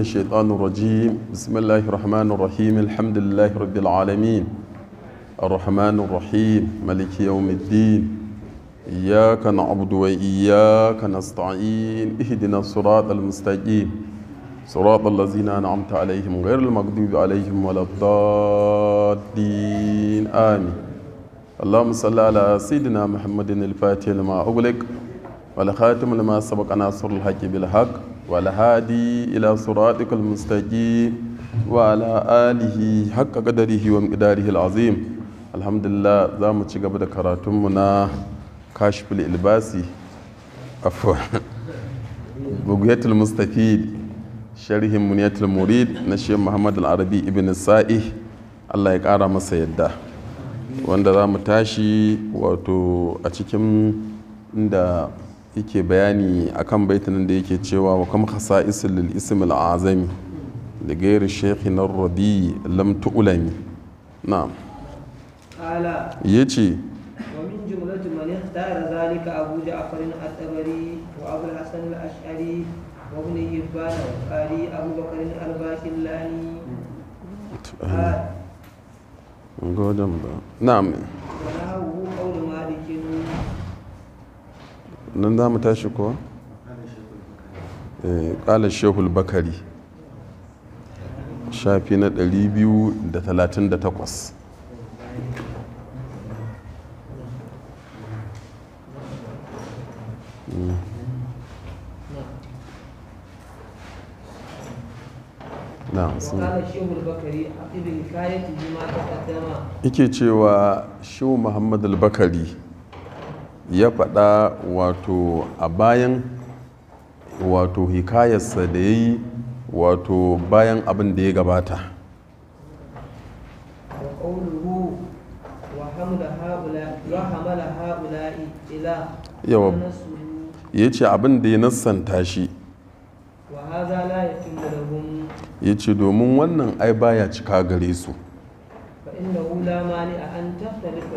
الشيطان الرجيم بسم الله الرحمن الرحيم الحمد لله رب العالمين الرحمن الرحيم ملك يوم الدين إياك نعبد وإياك نستعين اهدنا الصراط المستقيم صراط الذين أنعمت عليهم غير المغضوب عليهم ولا الضالين آمين اللهم صل على سيدنا محمد الفاتح لما أغلق والخاتم لما سبق ناصر الحق بالحق والهادي إلى صراطك المستقيم وعلى آله حق قدره ومقداره العظيم الحمد لله زام تشغب دكراتمنا كاشف الإلباسي عفوا بقية المستفيد شرح منية المريد نشي محمد العربي ابن السائح الله يقارى مسا يده wanda za mu tashi wato a cikin inda yake bayani akan baitanin da yake cewa wa kam khasa'isul lil ism al azami li ghairi shaykhin ar radi lam tu'lami na'am qala yace wa min jumlati man ihtara zalika abu ja'far tabari wa abu al-hasan al-ash'ari wa ibn hibban wa abu bakr al na'am nan za mu tashi kuwa? Eh, ƙala shehul bakari shafi na 238 ike hmm. cewa shehu muhammadu bakari ya faɗa wato a bayan wato hikayarsa da ya yi wato bayan abin da ya gabata ya ce abin da ya nassanta shi ya ce domin wannan ai baya cika gare su fa'in da ma ne a an tattalifa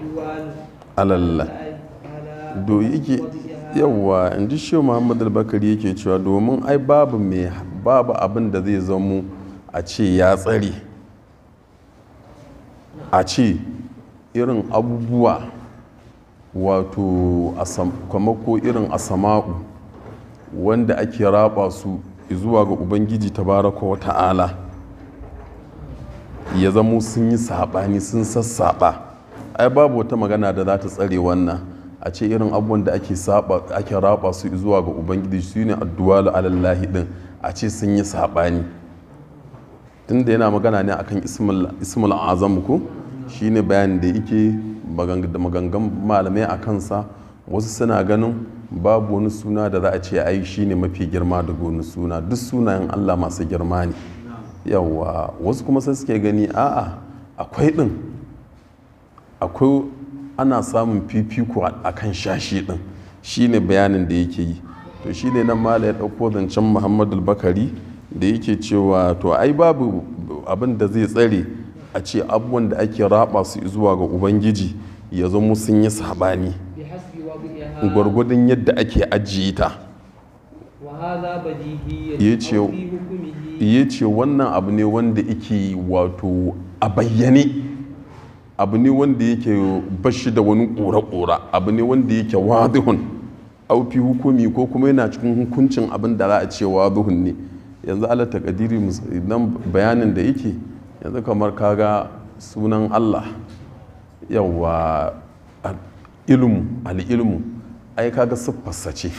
duwalu. alalla do yake yawa inda shi shi muhammadu albakari yake cewa domin ai babu mai babu abin da zai zamo a ce ya tsare a ce irin abubuwa wato kamako irin asama'u wanda ake raba su zuwa ga ubangiji tabaraka wa ta'ala ya zamo sun yi saɓani sun sassaɓa ai babu wata magana da za ta tsare wannan a ce irin abubuwan da ake saba ake raba su zuwa ga ubangiji su ne addu'a la alallahi din a ce sun yi sabani da yana magana ne akan ismul azam ko ne bayan da yake magangan malamai a kansa wasu suna ganin babu wani suna da za a ce ai shi ne mafi girma da wani suna duk sunayen Allah masu girma ne yawa wasu kuma sai suke gani a'a akwai din akwai ana samun fifiko a kan shashi ɗin shi ne bayanin da yake yi to shi ne nan mala ya ɗauko zancen muhammadu bakari da yake cewa to ai babu abin da zai tsare a ce abubuwan da ake raba su zuwa ga ubangiji ya zama sun yi sabani gwargwadon yadda ake ajiye ta ya ce wannan abu ne wanda ike wato a bayyane abu ne wanda yake bashi da wani ƙura-ƙura abu ne wanda yake wadihun aufi hukumi ko kuma yana cikin hukuncin abin da za a ce waduhun ne yanzu ala takadiri nan bayanin da yake yanzu kamar kaga sunan allah yawa ilmu al'ilmu ai kaga siffarsa ce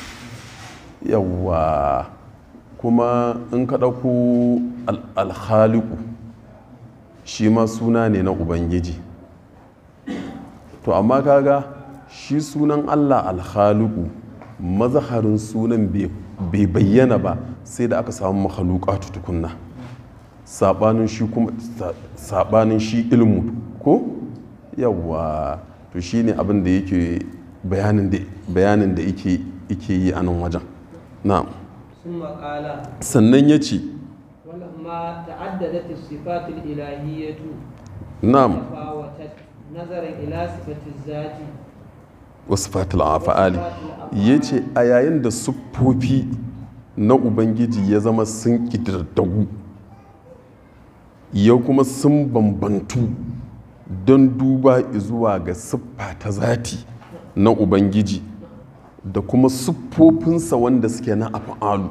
yawa kuma in ka ɗauko alhaliku shi ma suna ne na ubangiji to amma kaga shi sunan allah alhaluku mazaharin sunan bai bayyana ba sai da aka samu mahaluka tukunna sabanin shi kuma sabanin shi ilmu ko yawa to ne abin da yake bayanin da yake yi a nan wajen na'am sannan ya ce ma ta'addadat sifatul ilahiyyatu na'am nazarin afa'ali ya ce a yayin da siffofi na ubangiji ya zama sun ƙidaddagu ya kuma sun bambantu don duba zuwa ga siffa ta zati na ubangiji da kuma siffofinsa wanda suke na afa'alu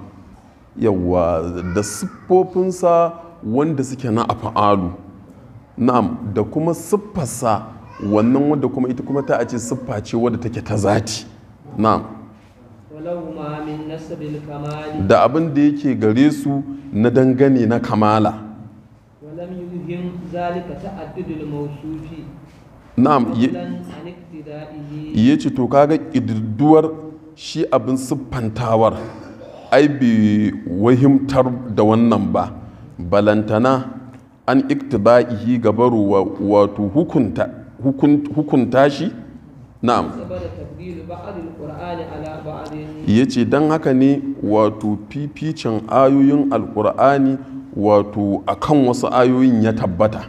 yawa da siffofinsa wanda suke na afa'alu na'am da kuma siffarsa wannan wadda kuma ita kuma ta a ce siffa ce wadda take ta zati na'am da abin da yake gare su na dangane na kamala na'am ya ce to kaga ƙidduwar shi abin siffantawar ai bi wahimtar da wannan ba balantana an iktida'ihi gabaru wato hukunta hukunta shi na'am ya ce don haka ne wato fificin ayoyin alkur'ani wato a kan wasu ayoyin ya tabbata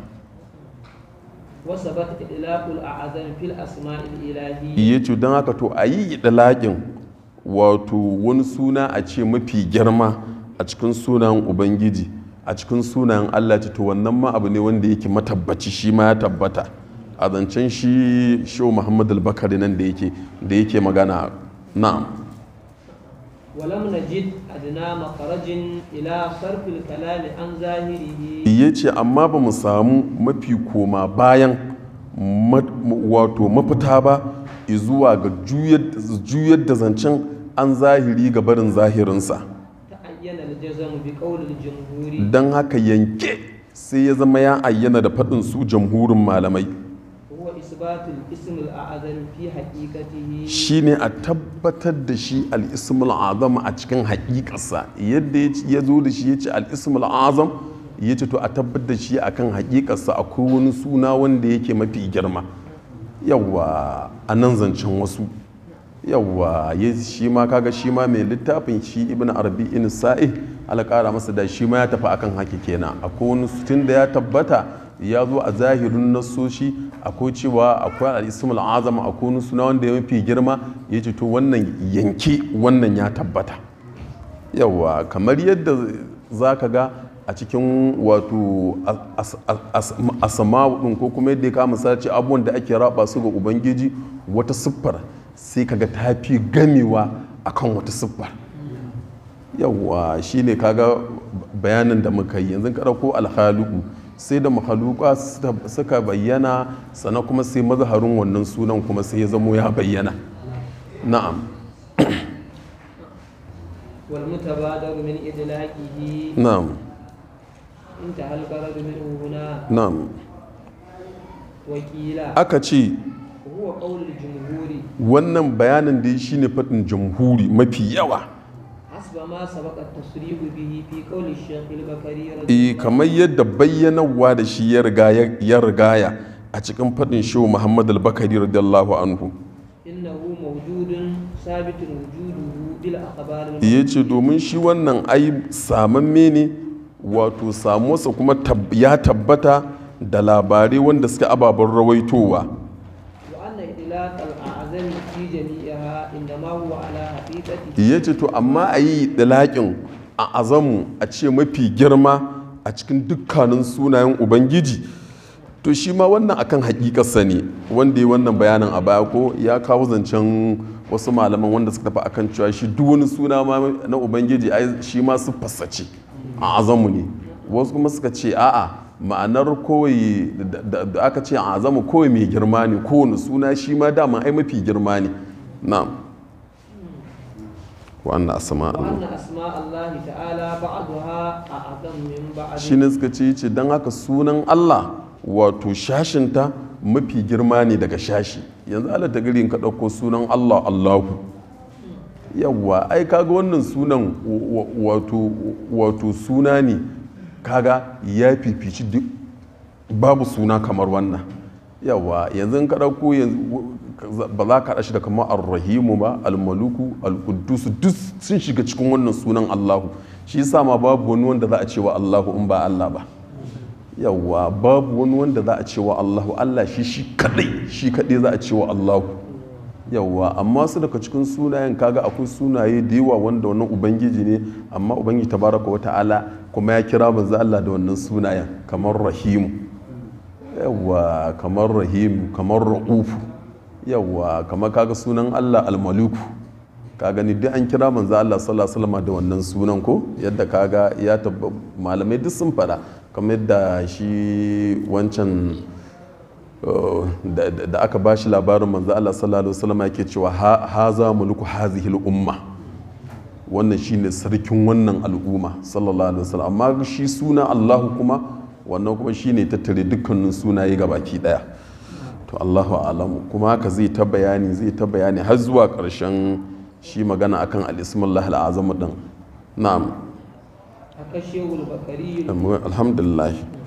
ya ce don haka to a yi idalaƙin wato wani suna a ce mafi girma a cikin sunan ubangiji a cikin sunayen Allah ce to wannan ma abu ne wanda yake matabbaci shi ma ya tabbata a zancen shi shehu Muhammad al-Bakari nan da yake da yake magana na'am walam najid adna makarajin ila sarfil kalami an zahirihi yace amma ba mu samu mafi koma bayan wato mafita ba zuwa ga juyar da zancen an zahiri ga barin zahirinsa don haka yanke sai ya zama ya ayyana da faɗin su jamhurin malamai shi ne a tabbatar da shi al'ismul azam a cikin haƙiƙarsa yadda ya zo da shi ya ce al'ismul azam ya ce to a tabbatar da shi a kan haƙiƙarsa akwai wani suna wanda yake mafi girma yawa a nan zancen wasu yawa shi ma kaga shi ma mai littafin shi ibn arabi in sa'i ala masa da shi ma ya tafi akan haki kenan akwai wani tun da ya tabbata ya zo a zahirin nasoshi akwai cewa akwai al'ismul a akwai wani suna wanda ya mafi girma ya ce to wannan yanki wannan ya tabbata yawwa kamar yadda za ka ga a cikin wato asama ko kuma yadda ya kama sarci abubuwan da ake raba su ga ubangiji wata siffar sai kaga ta fi gamewa akan wata siffar yawwa shine kaga bayanin da muka yi yanzu kada ko alhaluku sai da mahaluka suka bayyana sana kuma sai mazaharin wannan sunan kuma sai ya zamo ya bayyana na'am والمتبادر من إدلاكه نعم انتهى min منه naam. wakila. aka ce. wannan bayanin da shi ne faɗin jamhuri mafi yawa e kamar yadda bayyanawa da shi ya rigaya a cikin faɗin shehu muhammad al-bakari radiyallahu anhu ya ce domin shi wannan ai samamme ne wato samosa kuma ya tabbata da labarai wanda suke ababen rawaitowa ya ce to amma a yi ɗalaƙin a azamu a ce mafi girma a cikin dukkanin sunayen ubangiji to shi ma wannan akan hakikarsa ne wanda ya wannan bayanin a baya ko ya kawo zancen wasu malaman wanda suka tafi akan cewa shi duk wani suna na ubangiji ai shi ma su fassace a azamu ne wasu kuma suka ce a'a ma'anar kowai da aka ce a azamu kowai mai girma ne kowane suna shi ma dama ai mafi girma ne na'am وأن أسماء الله وأن أسماء الله تعالى بعضها shi ne suka ce سكتي don haka sunan allah wato shashinta mafi girma ne daga shashi yanzu ala ta gari in ka ko sunan allah allahu yawwa ai kaga wannan sunan wato suna ne kaga ya fifici duk babu suna kamar wannan yawwa yanzu in ka ɗauko ba za ka shi da kama ar-rahimu ba al-maluku al-quddus duk sun shiga cikin wannan sunan Allahu shi yasa ma babu wani wanda za a cewa Allahu in ba Allah ba yawa babu wani wanda za a cewa Allahu Allah shi shi kadai shi kadai za a cewa Allahu yawa amma su daga cikin sunayen kaga akwai sunaye da yawa wanda wannan ubangiji ne amma ubangiji tabaraka wata'ala kuma ya kira manzo Allah da wannan sunayen kamar rahimu yawa kamar rahimu kamar ra'ufu yawwa kama kaga sunan Allah almaluku ka gani duk an kira manzo Allah sallallahu alaihi wasallam da wannan sunan ko yadda kaga ya tabba malamai duk sun fada kamar yadda shi wancan uh, da aka bashi labarin manzo Allah sallallahu alaihi wasallam yake cewa haza muluku hazihi al umma wannan shine sarkin wannan al'umma sallallahu alaihi wasallam amma shi suna Allahu kuma wannan kuma shine tattare dukkanin sunaye gabaki daya to Allahu alamu kuma haka zai ta bayani zai ta bayani har zuwa ƙarshen shi magana akan al-ismullah al-azam din na'am alhamdulillah